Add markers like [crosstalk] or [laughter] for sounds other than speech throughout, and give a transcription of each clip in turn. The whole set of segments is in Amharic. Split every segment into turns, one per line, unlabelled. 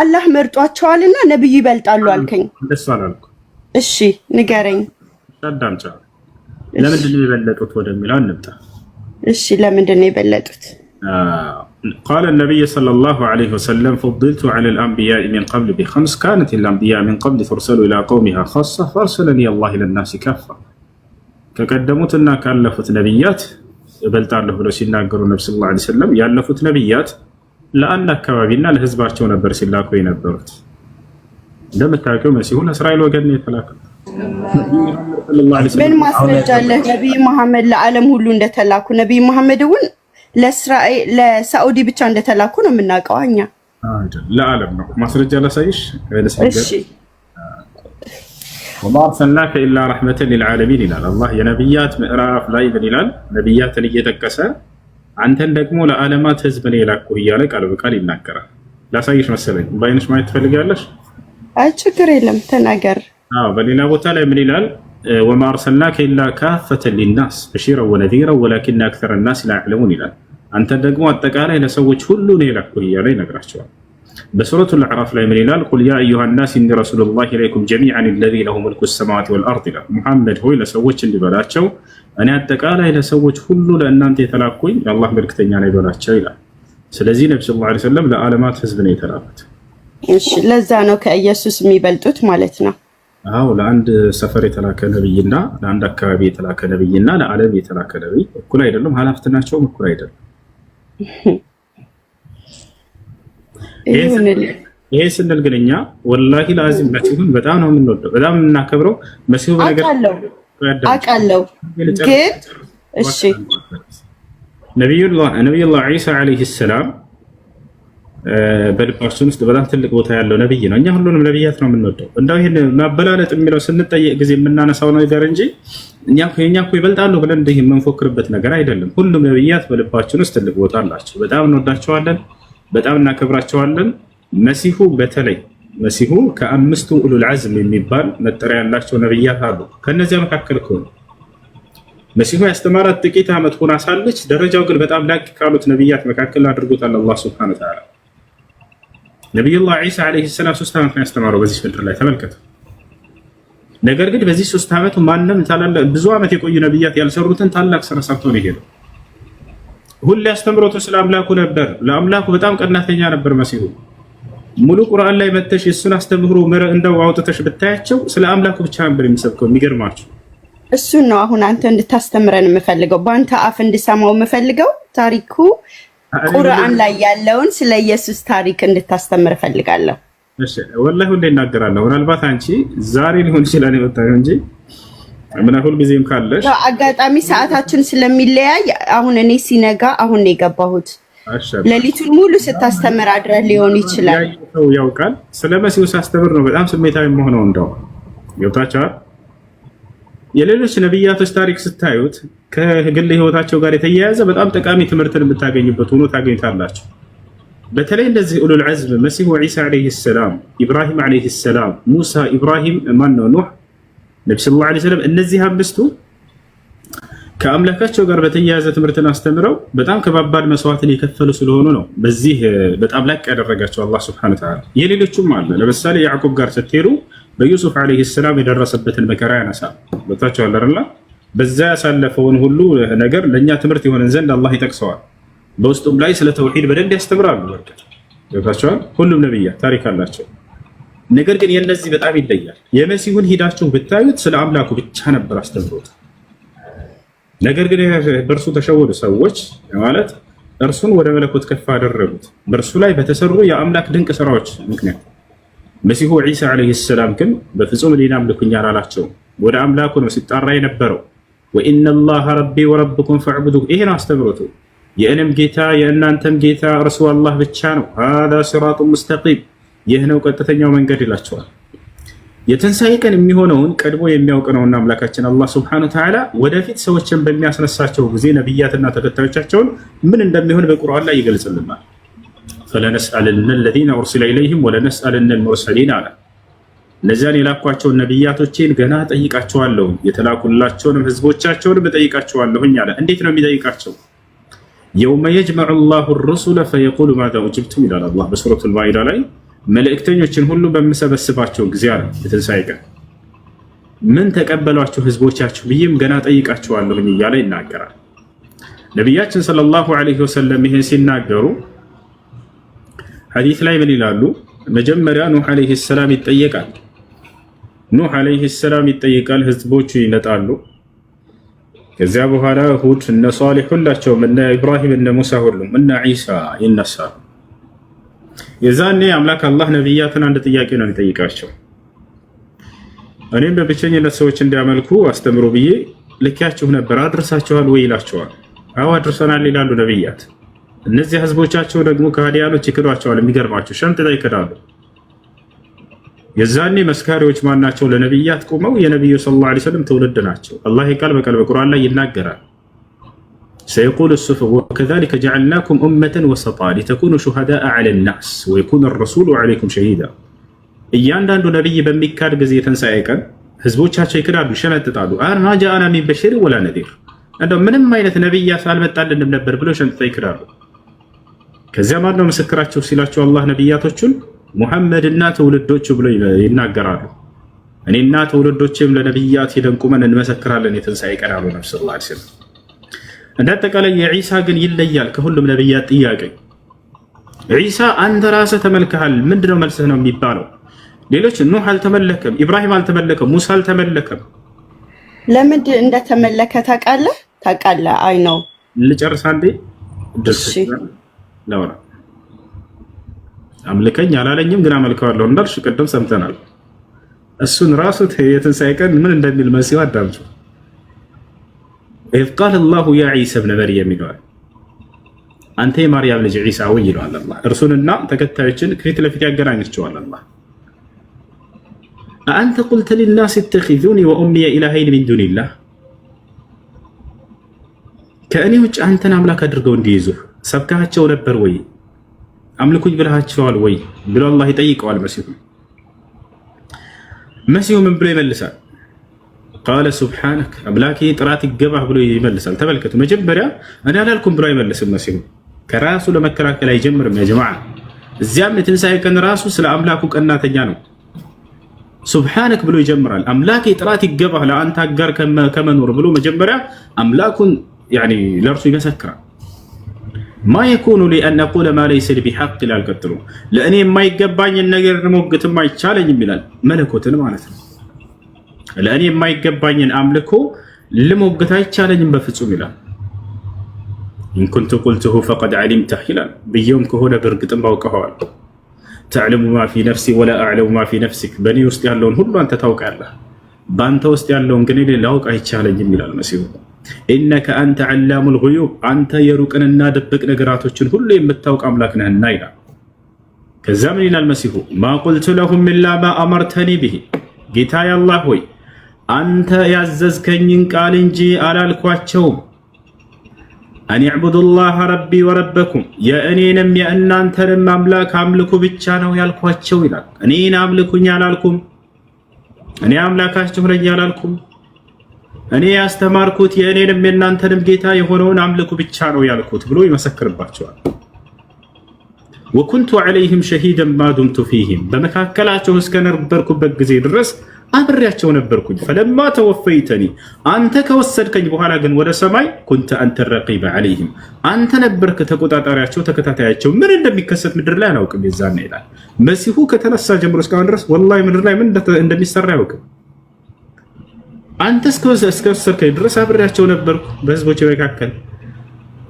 አላህ መርጧቸዋልና ነብዩ ይበልጣሉ አልከኝ።
እንደሱ አላልኩም።
እሺ ንገረኝ።
አዳምጫ ለምንድን ነው የበለጡት ወደሚለው እንምጣ።
እሺ ለምንድን ነው የበለጡት?
ቃለ ነቢይ ሰለላሁ ዐለይሂ ወሰለም ፉድልቱ ዐለ ልአንቢያኢ ሚን ቀብል ቢኸምስ ካነት ልአንቢያ ሚን ቀብል ቱርሰሉ ኢላ ቀውሚሃ ኻሳ ፈርሰለኒ አላህ ለናሲ ካፋ ከቀደሙትና ካለፉት ነቢያት እበልጣለሁ ብለው ሲናገሩ ነብ ስ ላ ሰለም ያለፉት ነቢያት ለአንድ አካባቢና ለህዝባቸው ነበር ሲላኩ የነበሩት። እንደምታውቀው መሲሁ ለእስራኤል ወገን ነው የተላከው።
ምን ማስረጃ አለ? ነቢይ መሐመድ ለዓለም ሁሉ እንደተላኩ ነቢይ መሐመድ እውን ለእስራኤል ለሳዑዲ ብቻ እንደተላኩ ነው የምናውቀው እኛ።
ለዓለም ነው ማስረጃ ላሳይሽ። ወማ አርሰልናከ ኢላ ረሕመተን ሊልዓለሚን ይላል አላህ የነቢያት ምዕራፍ ላይ ምን ይላል? ነቢያትን እየጠቀሰ አንተን ደግሞ ለዓለማት ህዝብ ነው ላኩህ እያለ ቃል በቃል ይናገራል። ላሳይሽ መሰለኝ በአይነሽ ማየት ትፈልጋለሽ?
አይ ችግር የለም ተናገር።
በሌላ ቦታ ላይ ምን ይላል? ወማ አርሰልናከ ኢላ ካፈተን ሊናስ በሺረን ወነዚረን ወላኪነ አክተረ ናስ ላ ያዕለሙን ይላል። አንተን ደግሞ አጠቃላይ ለሰዎች ሁሉ ነው ላኩህ እያለ ይነግራቸዋል። በሱረቱል አዕራፍ ላይ ምን ይላል? ቁል ያ አዩሃ ናስ ኢኒ ረሱሉላሂ ኢለይኩም ጀሚዓን አለዚ ለሁ ሙልኩ ሰማዋቲ ወልአርድ ይላል። ሙሐመድ ሆይ ለሰዎች እንዲበላቸው እኔ አጠቃላይ ለሰዎች ሁሉ ለእናንተ የተላኩኝ የአላህ መልክተኛ ነው ይበላቸው ይላል። ስለዚህ ነቢ ሰለላሁ ዐለይሂ ወሰለም ለዓለማት ህዝብ ነው የተላኩት።
ለዛ ነው ከኢየሱስ የሚበልጡት ማለት ነው።
አዎ ለአንድ ሰፈር የተላከ ነብይና ለአንድ አካባቢ የተላከ ነብይና ለዓለም የተላከ ነብይ እኩል አይደለም። ሀላፍትናቸውም እኩል አይደለም። [laughs] ይሄ ስንል ግን እኛ ወላሂ ለአዚም መሲሁን በጣም ነው የምንወደው፣ በጣም የምናከብረው መሲሁ
በነገር አውቃለሁ። ግን እሺ
ነቢዩላህ ዒሳ ዓለይሂ ሰላም በልባችን ውስጥ በጣም ትልቅ ቦታ ያለው ነብይ ነው። እኛ ሁሉንም ነብያት ነው የምንወደው። እንደው ይህን ማበላለጥ የሚለው ስንጠየቅ ጊዜ የምናነሳው ነገር እንጂ እኛ እኮ ይበልጣሉ ብለን እንዲህ የምንፎክርበት ነገር አይደለም። ሁሉም ነብያት በልባችን ውስጥ ትልቅ ቦታ አላቸው። በጣም እንወዳቸዋለን። በጣም እናከብራቸዋለን። መሲሁ በተለይ መሲሁ ከአምስቱ ኡሉል ዓዝም የሚባል መጠሪያ ያላቸው ነብያት አሉ። ከነዚያ መካከል ከሆነ መሲሁ ያስተማራት ጥቂት ዓመት ሆና ሳለች ደረጃው ግን በጣም ላቅ ካሉት ነብያት መካከል አድርጎታል አላህ ስብሐነ ወተዓላ። ነቢዩላህ ዒሳ ዓለይሂ ሰላም ሶስት ዓመት ነው ያስተማረው በዚህ ምድር ላይ ተመልከቱ። ነገር ግን በዚህ ሶስት ዓመቱ ማንም ብዙ ዓመት የቆዩ ነብያት ያልሰሩትን ታላቅ ስራ ሰርቶ ነው የሄደው። ሁሌ አስተምሮቱ ስለ አምላኩ ነበር። ለአምላኩ በጣም ቀናተኛ ነበር መሲሁ። ሙሉ ቁርአን ላይ መተሽ የእሱን አስተምህሮ ምረ እንደው አውጥተሽ ብታያቸው ስለ አምላኩ ብቻ ነበር የሚሰብከው። የሚገርማችሁ
እሱን ነው አሁን አንተ እንድታስተምረን የምፈልገው፣ በአንተ አፍ እንድሰማው የምፈልገው ታሪኩ ቁርአን ላይ ያለውን ስለ ኢየሱስ ታሪክ እንድታስተምር እፈልጋለሁ።
ወላሂ ሁሌ እናገራለሁ። ምናልባት አንቺ ዛሬ ሊሆን ይችላል የመጣ እንጂ ምን ሁል ጊዜም ካለሽ
አጋጣሚ ሰዓታችን ስለሚለያይ አሁን እኔ ሲነጋ አሁን ነው የገባሁት። ሌሊቱን ሙሉ ስታስተምር አድረ ሊሆን ይችላል።
ያውቃል። ስለ መሲሁ ሳስተምር ነው በጣም ስሜታዊ መሆነው። እንደው ገብታችኋል። የሌሎች ነቢያቶች ታሪክ ስታዩት ከግል ህይወታቸው ጋር የተያያዘ በጣም ጠቃሚ ትምህርትን የምታገኙበት ሆኖ ታገኝታላችሁ። በተለይ እንደዚህ ኡሉል ዐዝም መሲሁ ዒሳ ዓለይሂ ሰላም፣ ኢብራሂም ዓለይሂ ሰላም፣ ሙሳ፣ ኢብራሂም ማን ነው ኑህ ነቢ ስለ ላ ስለም እነዚህ አምስቱ ከአምላካቸው ጋር በተያያዘ ትምህርትን አስተምረው በጣም ከባባድ መስዋዕትን የከፈሉ ስለሆኑ ነው በዚህ በጣም ላቅ ያደረጋቸው አላህ ሱብሓነሁ ወተዓላ። የሌሎቹም አለ። ለምሳሌ ያዕቁብ ጋር ስትሄዱ በዩሱፍ ዓለይሂ ሰላም የደረሰበትን መከራ ያነሳል። ቦታቸው አለርላ በዛ ያሳለፈውን ሁሉ ነገር ለእኛ ትምህርት የሆነን ዘንድ አላህ ይጠቅሰዋል። በውስጡም ላይ ስለ ተውሒድ በደንብ ያስተምራሉ። በርቀት ቦታቸዋል። ሁሉም ነቢያት ታሪክ አላቸው። ነገር ግን የነዚህ በጣም ይለያል። የመሲሁን ሂዳችሁ ብታዩት ስለ አምላኩ ብቻ ነበር አስተምሮት። ነገር ግን በእርሱ ተሸወዱ ሰዎች ማለት እርሱን ወደ መለኮት ከፍ አደረጉት በእርሱ ላይ በተሰሩ የአምላክ ድንቅ ስራዎች ምክንያት። መሲሁ ዒሳ ዓለይሂ ሰላም ግን በፍጹም ሊና አምልኩኛል አላቸውም። ወደ አምላኩ ነው ሲጣራ የነበረው። ወኢነላሀ ረቢ ወረብኩም ፈዕቡዱ ነው አስተምሮቱ። የእኔም ጌታ የእናንተም ጌታ እርሱ አላህ ብቻ ነው። ሃዛ ሲራጡን ሙስተቂም ይህ ነው ቀጥተኛው መንገድ ይላቸዋል። የትንሣኤ ቀን የሚሆነውን ቀድሞ የሚያውቅ ነውና አምላካችን አላህ ሱብሐነሁ ወተዓላ ወደፊት ሰዎችን በሚያስነሳቸው ጊዜ ነቢያትና ተከታዮቻቸውን ምን እንደሚሆን በቁርአን ላይ ይገልጽልናል። ፈለነስአልነ ለዚነ ኡርሲለ ኢለይሂም ወለነስአልነ ልሙርሰሊን አለ። እነዚያን የላኳቸውን ነቢያቶቼን ገና ጠይቃቸዋለሁ፣ የተላኩላቸውንም ህዝቦቻቸውንም እጠይቃቸዋለሁኝ አለ። እንዴት ነው የሚጠይቃቸው? የውመ የጅመዑ ላሁ ሩሱለ ፈየቁሉ ማዛ ኡጅብቱም ይላል አላህ በሱረቱል ማኢዳ ላይ መልእክተኞችን ሁሉ በምሰበስባቸው ጊዜ አለ የትንሣኤ ቀን ምን ተቀበሏቸው ህዝቦቻችሁ ብዬም ገና ጠይቃችኋለሁኝ እያለ ይናገራል። ነቢያችን ሰለላሁ ዐለይሂ ወሰለም ይሄን ሲናገሩ ሐዲስ ላይ ምን ይላሉ? መጀመሪያ ኑህ ዐለይሂ ሰላም ይጠየቃል። ኑህ ዐለይሂ ሰላም ይጠይቃል። ህዝቦቹ ይመጣሉ። ከዚያ በኋላ ሁድ እነ ሷሊህ ሁላቸውም እነ ኢብራሂም እነ ሙሳ ሁሉም እነ ዒሳ ይነሳሉ። የዛኔ አምላክ አላህ ነቢያትን አንድ ጥያቄ ነው የሚጠይቃቸው። እኔም በብቸኝነት ሰዎች እንዲያመልኩ አስተምሮ ብዬ ልኪያችሁ ነበር፣ አድርሳችኋል ወይ ይላቸዋል። አዎ አድርሰናል ይላሉ ነቢያት። እነዚህ ህዝቦቻቸው ደግሞ ከሃዲያኖች ይክዷቸዋል። የሚገርማቸው ሸምጥላ ይክዳሉ። የዛኔ መስካሪዎች ማናቸው? ለነቢያት ቁመው የነቢዩ ስ ላ ወሰለም ትውልድ ናቸው። አላህ ቃል በቃል በቁርአን ላይ ይናገራል። ሰየቁል ሱፍ ወከዛሊከ ጀዐልናኩም ኡመተን ወሰጣ ሊተኩኑ ሹሃዳአ ዐለ ናስ ወየኩነ ረሱሉ ዐለይኩም ሸሂዳ። እያንዳንዱ ነቢይ በሚካድ ጊዜ የተንሳኤ ቀን ህዝቦቻቸው ይክዳሉ፣ ይሸነጥጣሉ። ማ ሚን በሽሪ ወላ ነዲር፣ እንደው ምንም አይነት ነቢያ አልመጣልንም ነበር ብለው ሸንጥጣ ይክዳሉ። ከዚያ ማነው ምስክራቸው ሲላቸው አላህ ነቢያቶቹን ሙሐመድና ትውልዶቹ ብሎ ይናገራሉ። እኔና ትውልዶችም ለነቢያት ሄደን እንመሰክራለን የትንሣኤ ቀን አሉ ነብስ ላ ስለም እንደ አጠቃላይ የዒሳ ግን ይለያል ከሁሉም ነቢያት ጥያቄ። ዒሳ አንተ ራስህ ተመልክሃል፣ ምንድነው መልስህ ነው የሚባለው። ሌሎች ኑህ አልተመለከም፣ ኢብራሂም አልተመለከም፣ ሙሳ አልተመለከም።
ለምንድን እንደተመለከ ታውቃለህ? ታውቃለህ? አይ ነው ልጨርስ አንዴ ደስ
አምልከኝ አላለኝም ግን አመልከዋለሁ እንዳልሽ ቅድም ሰምተናል። እሱን ራሱ የትንሣኤ ቀን ምን እንደሚል መሲሁ አዳምጪው ኢዝ ቃለ አላሁ ያ ዒሳ ብነ መርየም ይለዋል። አንተ የማርያም ልጅ ዒሳ ወይ ይለዋል አላህ። እርሱንና ተከታዮችን ከፊት ለፊት ያገናኛቸዋል አላህ። አንተ ቁልተ ሊናስ ተኪዙኒ ወኡምኒየ ኢላሀይን ሚን ዱኒላህ፣ ከእኔ ውጭ አንተን አምላክ አድርገው እንዲይዙ ሰብካቸው ነበር ወይ አምልኩኝ ብልሃቸዋል ወይ ብሎ አላህ ይጠይቀዋል መሲሁ። መሲሁ ምን ብሎ ይመልሳል? ቃለ ሱብሓነክ አምላኬ ጥራት ይገባህ ብሎ ይመልሳል። ተመልከቱ፣ መጀመሪያ እኔ አላልኩም ብሎ አይመልስም። መሲሁ ከራሱ ለመከላከል አይጀምርም። ያ ጀማዓ፣ እዚያም የትንሣኤ ቀን ራሱ ስለ አምላኩ ቀናተኛ ነው። ሱብሓነክ ብሎ ይጀምራል። አምላኬ ጥራት ይገባህ ለአንተ አጋር ከመኖር ብሎ መጀመሪያ አምላኩን ለእርሱ ይመሰክራል። ማ የኩኑ ሊ አን አቁለ ማ ለይሰ ሊ ቢሐቅ ይላል። ቀጥሎ ለእኔ የማይገባኝን ነገር ልሞግትም አይቻለኝም ይላል። መለኮትን ማለት ነው ለእኔ የማይገባኝን አምልኮ ልሞግት አይቻለኝም በፍጹም ይላል። ኢንኩንቱ ቁልቱሁ ፈቀድ ዓሊምተህ ይላል። ብየውም ከሆነ በእርግጥም አውቀኸዋል። ተዕለሙ ማ ፊ ነፍሲ ወላ አዕለሙ ማ ፊ ነፍሲክ፣ በእኔ ውስጥ ያለውን ሁሉ አንተ ታውቃለህ፣ በአንተ ውስጥ ያለውን ግን እኔ ላውቅ አይቻለኝም ይላል መሲሁ። ኢነከ አንተ ዓላሙ ልጉዩብ፣ አንተ የሩቅንና ድብቅ ነገራቶችን ሁሉ የምታውቅ አምላክ ነህና ይላል። ከዛ ምን ይላል መሲሁ? ማ ቁልቱ ለሁም ኢላ ማ አመርተኒ ብሂ፣ ጌታዬ አላህ ሆይ አንተ ያዘዝከኝን ቃል እንጂ አላልኳቸውም። አን ረቢ ወረበኩም የእኔንም የእናንተንም አምላክ አምልኩ ብቻ ነው ያልኳቸው ይላል። እኔን አምልኩኝ አላልኩም። እኔ አምላካችሁ ነኝ አላልኩም። እኔ ያስተማርኩት የእኔንም የእናንተንም ጌታ የሆነውን አምልኩ ብቻ ነው ያልኩት ብሎ ይመሰክርባቸዋል። ወኩንቱ ዐለይህም ሸሂደን ማዱምቱ ፊህም በመካከላቸው እስከነበርኩበት ጊዜ ድረስ አብሬያቸው ነበርኩኝ። ፈለማ ተወፈይተኒ አንተ ከወሰድከኝ በኋላ ግን ወደ ሰማይ ኩንተ አንተ ረቂበ ዓለይህም አንተ ነበርክ ተቆጣጣሪያቸው፣ ተከታታያቸው። ምን እንደሚከሰት ምድር ላይ አላውቅም። የዛን ይላል መሲሁ ከተነሳ ጀምሮ እስካሁን ድረስ ወላሂ ምድር ላይ ምን እንደሚሰራ አያውቅም። አንተ እስከወሰድከኝ ድረስ አብሬያቸው ነበርኩ በህዝቦች መካከል።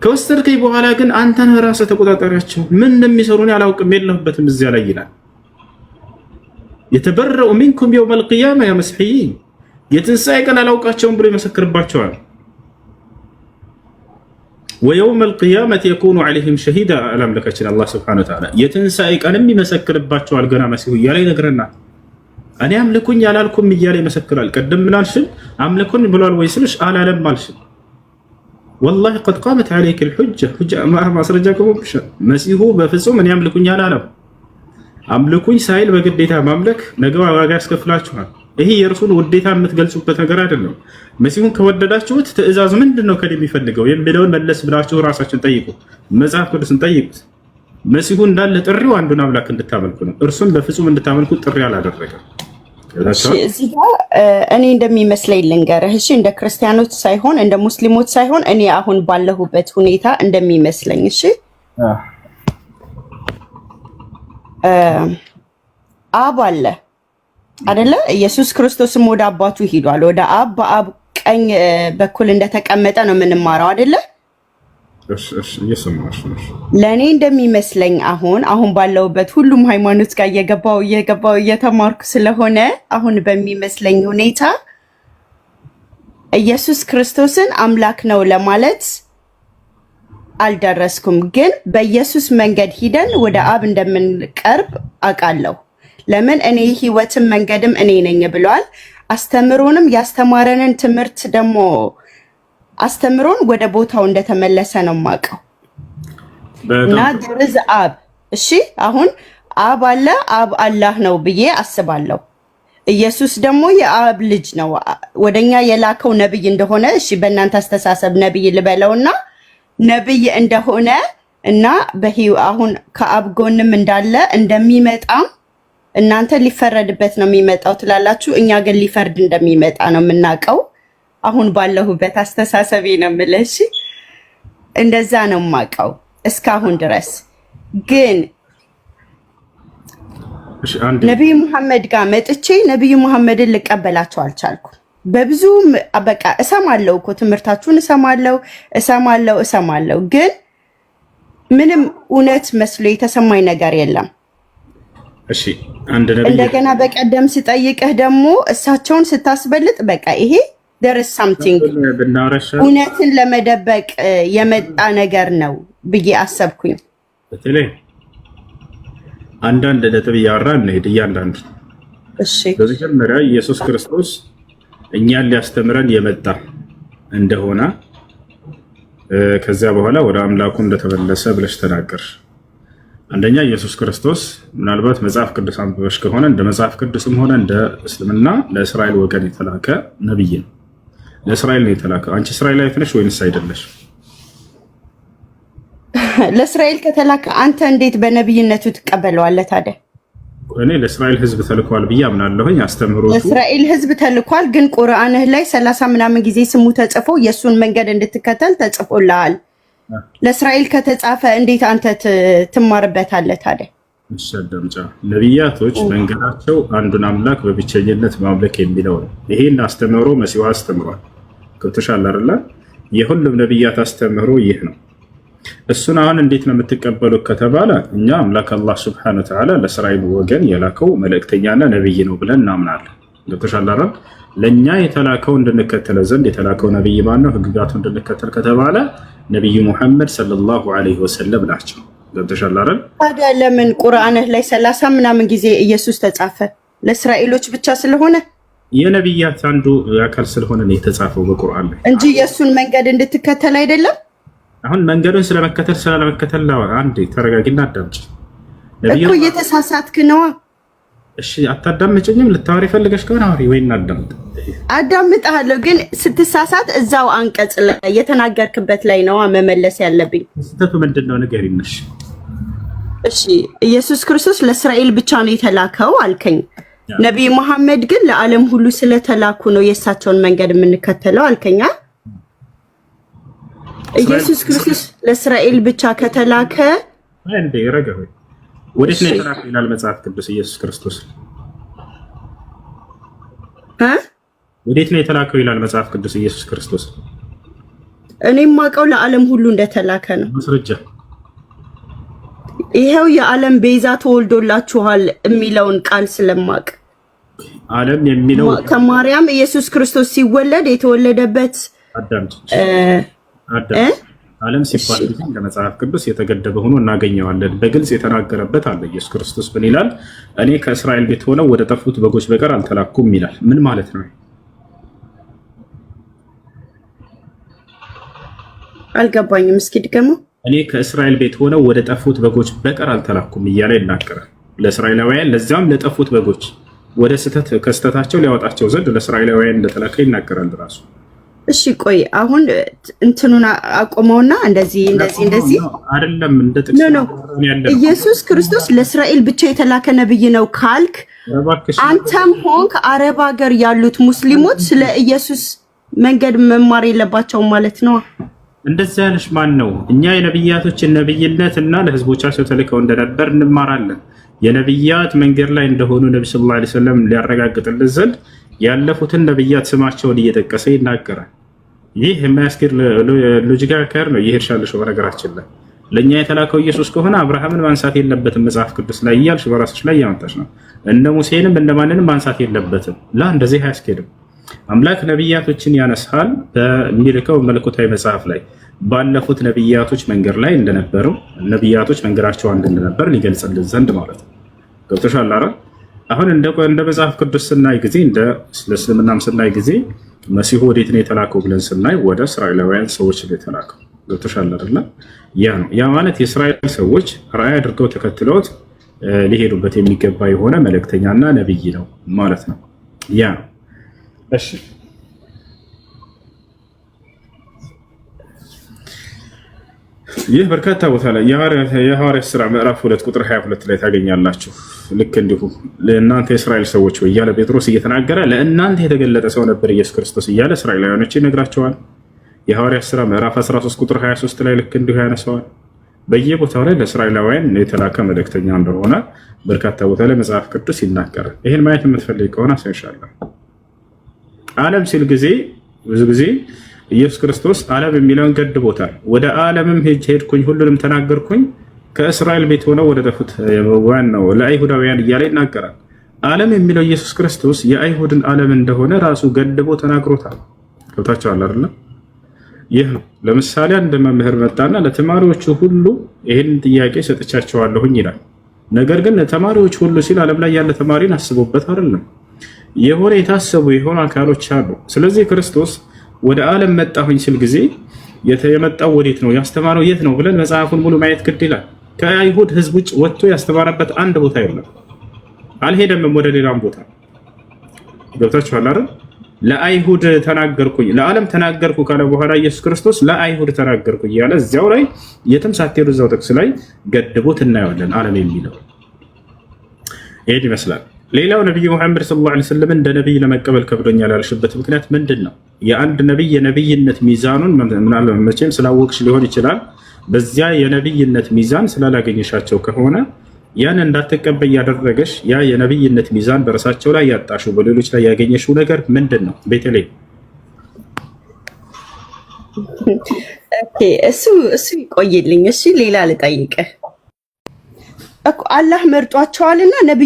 ከወሰድከኝ በኋላ ግን አንተ ራስህ ተቆጣጣሪያቸው፣ ምን እንደሚሰሩ አላውቅም፣ የለሁበትም እዚያ ላይ ይላል የተበረኡ ሚንኩም የውመል ቂያማ ያ መስሒይን የትንሣኤ ቀን አላውቃቸውም ብሎ ይመሰክርባቸዋል። ወየውመል ቂያመት የኩኑ ዓለይሂም ሸሂዳ አላምለካችን አላህ ስብሐነ ወተዓላ የትንሣኤ ቀንም ይመሰክርባቸዋል። ገና መሲሁ እያለ ይነግረናል። እኔ አምልኩኝ አላልኩም እያለ ይመሰክራል። ቀደም ምን አምልኩኝ ብሏል ወይ ስልሽ አላለም አልሽም። ወላሂ ቀድ ቃመት ዓለይክ ልሑጃ ማስረጃ ቆሞብሻል። መሲሁ በፍጹም እኔ አምልኩኝ አላለም አምልኩኝ ሳይል በግዴታ ማምለክ ነገ ዋጋ ያስከፍላችኋል። ይሄ የእርሱን ውዴታ የምትገልጹበት ነገር አይደለም። መሲሁን ከወደዳችሁት ትእዛዝ ምንድን ነው ከእኔ የሚፈልገው የሚለውን መለስ ብላችሁ ራሳችን ጠይቁ፣ መጽሐፍ ቅዱስን ጠይቁት። መሲሁ እንዳለ ጥሪው አንዱን አምላክ እንድታመልኩ ነው። እርሱን በፍጹም እንድታመልኩ ጥሪ አላደረገም።
እዚህ እኔ እንደሚመስለኝ ልንገርህ፣ እሺ፣ እንደ ክርስቲያኖች ሳይሆን እንደ ሙስሊሞች ሳይሆን እኔ አሁን ባለሁበት ሁኔታ እንደሚመስለኝ እሺ አብ አለ አደለ? ኢየሱስ ክርስቶስም ወደ አባቱ ሂዷል። ወደ አብ በአብ ቀኝ በኩል እንደተቀመጠ ነው የምንማረው አደለ? ለእኔ እንደሚመስለኝ አሁን አሁን ባለውበት ሁሉም ሃይማኖት ጋር እየገባው እየገባው እየተማርኩ ስለሆነ አሁን በሚመስለኝ ሁኔታ ኢየሱስ ክርስቶስን አምላክ ነው ለማለት አልደረስኩም፣ ግን በኢየሱስ መንገድ ሂደን ወደ አብ እንደምንቀርብ አውቃለሁ። ለምን እኔ ህይወትም መንገድም እኔ ነኝ ብለዋል። አስተምሮንም ያስተማረንን ትምህርት ደግሞ አስተምሮን ወደ ቦታው እንደተመለሰ ነው የማውቀው እና ድርዝ አብ እሺ፣ አሁን አብ አለ አብ አላህ ነው ብዬ አስባለሁ። ኢየሱስ ደግሞ የአብ ልጅ ነው፣ ወደኛ የላከው ነብይ እንደሆነ እሺ፣ በእናንተ አስተሳሰብ ነብይ ልበለውና ነብይ እንደሆነ እና በህይወት አሁን ከአብ ጎንም እንዳለ እንደሚመጣም እናንተ ሊፈረድበት ነው የሚመጣው ትላላችሁ። እኛ ግን ሊፈርድ እንደሚመጣ ነው የምናውቀው። አሁን ባለሁበት አስተሳሰቤ ነው የምልሽ። እንደዛ ነው የማውቀው እስካሁን ድረስ ግን ነቢዩ መሐመድ ጋር መጥቼ ነቢይ መሐመድን ልቀበላቸው አልቻልኩም። በብዙ በቃ እሰማለው እኮ ትምህርታችሁን እሰማለው እሰማለው እሰማለው፣ ግን ምንም እውነት መስሎ የተሰማኝ ነገር የለም። እሺ አንድ እንደገና በቀደም ስጠይቅህ ደግሞ እሳቸውን ስታስበልጥ በቃ ይሄ ደረስ ሳምቲንግ እውነትን ለመደበቅ የመጣ ነገር ነው ብዬ አሰብኩኝ።
በተለይ አንዳንድ ነጥብ እያወራን እንሄድ እያንዳንዱ። እሺ በመጀመሪያ ኢየሱስ ክርስቶስ እኛን ሊያስተምረን የመጣ እንደሆነ ከዚያ በኋላ ወደ አምላኩ እንደተመለሰ ብለሽ ተናገር። አንደኛ ኢየሱስ ክርስቶስ ምናልባት መጽሐፍ ቅዱስ አንብበሽ ከሆነ እንደ መጽሐፍ ቅዱስም ሆነ እንደ እስልምና ለእስራኤል ወገን የተላከ ነብይ ነው። ለእስራኤል ነው የተላከ። አንቺ እስራኤላዊት ነሽ ወይንስ አይደለሽ?
ለእስራኤል ከተላከ አንተ እንዴት በነብይነቱ ትቀበለዋለህ ታዲያ?
እኔ ለእስራኤል ህዝብ ተልኳል ብዬ አምናለሁኝ። አስተምህሮ
ለእስራኤል ህዝብ ተልኳል፣ ግን ቁርአንህ ላይ ሰላሳ ምናምን ጊዜ ስሙ ተጽፎ የእሱን መንገድ እንድትከተል ተጽፎልሃል። ለእስራኤል ከተጻፈ እንዴት አንተ ትማርበታለህ ታዲያ?
ሸደምጫ ነቢያቶች መንገዳቸው አንዱን አምላክ በብቸኝነት ማምለክ የሚለው ነው። ይሄን አስተምህሮ መሲዋ አስተምሯል። ገብቶሻል አይደል? የሁሉም ነቢያት አስተምህሮ ይህ ነው። እሱን አሁን እንዴት ነው የምትቀበሉት ከተባለ እኛ አምላክ አላህ ስብሐነ ወተዓላ ለእስራኤል ወገን የላከው መልእክተኛና ነብይ ነው ብለን እናምናለን። ገብቶሻል አይደል? ለእኛ የተላከው እንድንከተለ ዘንድ የተላከው ነብይ ማን ነው? ህግጋቱ እንድንከተል ከተባለ ነቢዩ ሙሐመድ ሰለላሁ ዐለይሂ ወሰለም ናቸው።
ገብቶሻል አይደል? ታዲያ ለምን ቁርአንህ ላይ ሰላሳ ምናምን ጊዜ ኢየሱስ ተጻፈ? ለእስራኤሎች ብቻ ስለሆነ
የነቢያት አንዱ አካል ስለሆነ ነው የተጻፈው በቁርአን ላይ
እንጂ የእሱን መንገድ እንድትከተል አይደለም።
አሁን መንገዱን ስለመከተል ስለመከተል ስላለመከተል አንዴ ተረጋጊና አዳምጭ።
እኮ እየተሳሳትክ ነዋ።
እሺ አታዳምጭኝም? ልታወሪ ፈልገሽ ከሆነ አውሪ ወይ እናዳምጥ።
አዳምጣለሁ፣ ግን ስትሳሳት እዛው አንቀጽ ላይ የተናገርክበት ላይ ነዋ መመለስ ያለብኝ።
ስህተቱ ምንድን ነው ንገሪኝ። እሺ
እሺ ኢየሱስ ክርስቶስ ለእስራኤል ብቻ ነው የተላከው አልከኝ። ነቢይ መሐመድ ግን ለዓለም ሁሉ ስለተላኩ ነው የእሳቸውን መንገድ የምንከተለው አልከኛ ኢየሱስ ክርስቶስ ለእስራኤል ብቻ ከተላከ
እንዴ ረገ ሆይ ወዴት ነው የተላከ ይላል መጽሐፍ ቅዱስ። ኢየሱስ ክርስቶስ ወዴት ነው የተላከው ይላል መጽሐፍ ቅዱስ። ኢየሱስ ክርስቶስ
እኔም ማውቀው ለዓለም ሁሉ እንደተላከ ነው። ማስረጃ ይሄው የዓለም ቤዛ ተወልዶላችኋል የሚለውን ቃል ስለማቅ ዓለም የሚለው ከማርያም ኢየሱስ ክርስቶስ ሲወለድ የተወለደበት
ዓለም ሲባል ጊዜ እንደ መጽሐፍ ቅዱስ የተገደበ ሆኖ እናገኘዋለን። በግልጽ የተናገረበት አለ። ኢየሱስ ክርስቶስ ምን ይላል? እኔ ከእስራኤል ቤት ሆነው ወደ ጠፉት በጎች በቀር አልተላኩም ይላል። ምን ማለት ነው?
አልገባኝም። እስኪ ድገመው።
እኔ ከእስራኤል ቤት ሆነው ወደ ጠፉት በጎች በቀር አልተላኩም እያለ ይናገራል ለእስራኤላውያን፣ ለዚያም ለጠፉት በጎች ወደ ከስተታቸው ሊያወጣቸው ዘንድ ለእስራኤላውያን እንደተላከ ይናገራል ራሱ
እሺ ቆይ አሁን እንትኑን አቆመውና እንደዚህ እንደዚህ እንደዚህ አይደለም። እንደ ጥቅስ ኢየሱስ ክርስቶስ ለእስራኤል ብቻ የተላከ ነብይ ነው ካልክ አንተም ሆንክ አረብ ሀገር ያሉት ሙስሊሞች ስለ ኢየሱስ መንገድ መማር የለባቸውም ማለት ነው።
እንደዚህ ያለሽ ማን ነው? እኛ የነብያቶችን ነብይነት እና ለህዝቦቻቸው ተልከው እንደነበር እንማራለን። የነብያት መንገድ ላይ እንደሆኑ ነብዩ ሰለላሁ ዐለይሂ ወሰለም ሊያረጋግጥልን ዘንድ ያለፉትን ነብያት ስማቸውን እየጠቀሰ ይናገራል። ይህ የማያስኬድ ሎጂካ ካር ነው። ይህ በነገራችን ላይ ለእኛ የተላከው ኢየሱስ ከሆነ አብርሃምን ማንሳት የለበትም መጽሐፍ ቅዱስ ላይ እያልሽ በራስሽ ላይ እያመጣች ነው። እነ ሙሴንም ማንንም ማንሳት የለበትም ላ እንደዚህ አያስኬድም። አምላክ ነቢያቶችን ያነሳል በሚልከው መለኮታዊ መጽሐፍ ላይ ባለፉት ነቢያቶች መንገድ ላይ እንደነበሩ ነቢያቶች መንገዳቸው አንድ እንደነበር ሊገልጽልን ዘንድ ማለት ነው። ገብቶሻል አይደል? አሁን እንደ መጽሐፍ ቅዱስ ስናይ ጊዜ እንደ እስልምናም ስናይ ጊዜ መሲሁ ወዴት ነው የተላከው ብለን ስናይ ወደ እስራኤላውያን ሰዎች ነው የተላከው። ገብቶሻል አይደለ? ያ ነው ያ ማለት የእስራኤል ሰዎች ራዕይ አድርገው ተከትለውት ሊሄዱበት የሚገባ የሆነ መልእክተኛና ነብይ ነው ማለት ነው። ያ ነው እሺ። ይህ በርካታ ቦታ ላይ የሐዋርያት ሥራ ምዕራፍ ሁለት ቁጥር 22 ላይ ታገኛላችሁ። ልክ እንዲሁ ለእናንተ የእስራኤል ሰዎች ወይ እያለ ጴጥሮስ እየተናገረ ለእናንተ የተገለጠ ሰው ነበር ኢየሱስ ክርስቶስ እያለ እስራኤላውያኖች ይነግራቸዋል። የሐዋርያት ሥራ ምዕራፍ 13 ቁጥር 23 ላይ ልክ እንዲሁ ያነሰዋል። በየቦታው ላይ ለእስራኤላውያን የተላከ መልእክተኛ እንደሆነ በርካታ ቦታ ላይ መጽሐፍ ቅዱስ ይናገራል። ይህን ማየት የምትፈልግ ከሆነ አሳይሻለሁ። ዓለም ሲል ጊዜ ብዙ ጊዜ ኢየሱስ ክርስቶስ ዓለም የሚለውን ገድቦታል። ወደ ዓለምም ሄድኩኝ ሁሉንም ተናገርኩኝ ከእስራኤል ቤት ሆነው ወደ ጠፉት ነው ለአይሁዳውያን እያለ ይናገራል። ዓለም የሚለው ኢየሱስ ክርስቶስ የአይሁድን ዓለም እንደሆነ ራሱ ገድቦ ተናግሮታል። ገብታችኋል አይደለም? ይህ ነው ለምሳሌ አንድ መምህር መጣና ለተማሪዎቹ ሁሉ ይህን ጥያቄ ሰጥቻቸዋለሁኝ ይላል። ነገር ግን ለተማሪዎች ሁሉ ሲል ዓለም ላይ ያለ ተማሪን አስቦበት አይደለም። የሆነ የታሰቡ የሆኑ አካሎች አሉ። ስለዚህ ክርስቶስ ወደ ዓለም መጣሁኝ ሲል ጊዜ የመጣው ወዴት ነው ያስተማረው የት ነው ብለን መጽሐፉን ሙሉ ማየት ግድ ይላል። ከአይሁድ ህዝብ ውጭ ወጥቶ ያስተማረበት አንድ ቦታ የለም። አልሄደምም ወደ ሌላም ቦታ ገብታችኋል አይደል? ለአይሁድ ተናገርኩኝ ለዓለም ተናገርኩ ካለ በኋላ ኢየሱስ ክርስቶስ ለአይሁድ ተናገርኩኝ እያለ እዚያው ላይ የትም ሳትሄዱ እዛው ጥቅስ ላይ ገድቦት እናየዋለን። ዓለም የሚለው ይሄን ይመስላል። ሌላው ነቢይ ሙሐመድ ሰለላሁ ዐለይሂ ወሰለም እንደ ነቢይ ለመቀበል ከብዶኛል ያልሽበት ምክንያት ምንድን ነው? የአንድ ነቢይ የነቢይነት ሚዛኑን ምናልባት መቼም ስላወቅሽ ሊሆን ይችላል በዚያ የነብይነት ሚዛን ስላላገኘሻቸው ከሆነ ያን እንዳትቀበይ ያደረገሽ ያ የነብይነት ሚዛን በራሳቸው ላይ ያጣሹ በሌሎች ላይ ያገኘሽው ነገር ምንድን ነው? ቤተልሔም
እሱ እሱ ይቆይልኝ። እሺ ሌላ ልጠይቅህ። አላህ መርጧቸዋልና ነብይ